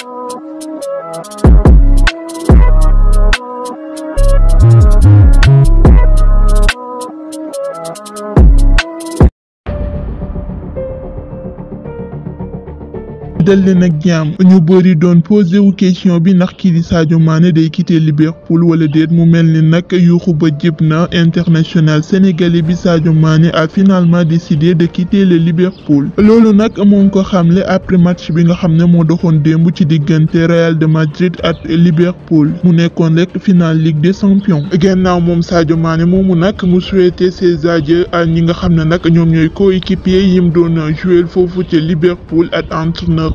Thank you. dal leen ak jàmm ñu bëri doon posé wu question bi ndax kii di Sadio Mane day quitter Liverpool wala déet mu mel ni nag yuuxu ba jib international sénégalais bi Sadio Mane a finalement décidé de quitter le Liverpool loolu nag moo ngi ko xamle après match bi nga xam ne moo doxoon démb ci diggante Real de Madrid à Liverpool mu nekkoon rek finale Ligue des Champions gannaaw moom Sadio Mane moomu nag mu souhaité ses adieux à ñi nga xam ne nag ñoom ñooy coéquipier yim doon jouer foofu ca Liverpool et entraîneur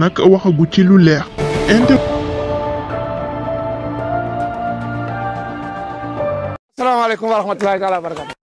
nag waxagu ci lu leer. salaamaaleykum wa rahmatulaahi taala wa barakaatu.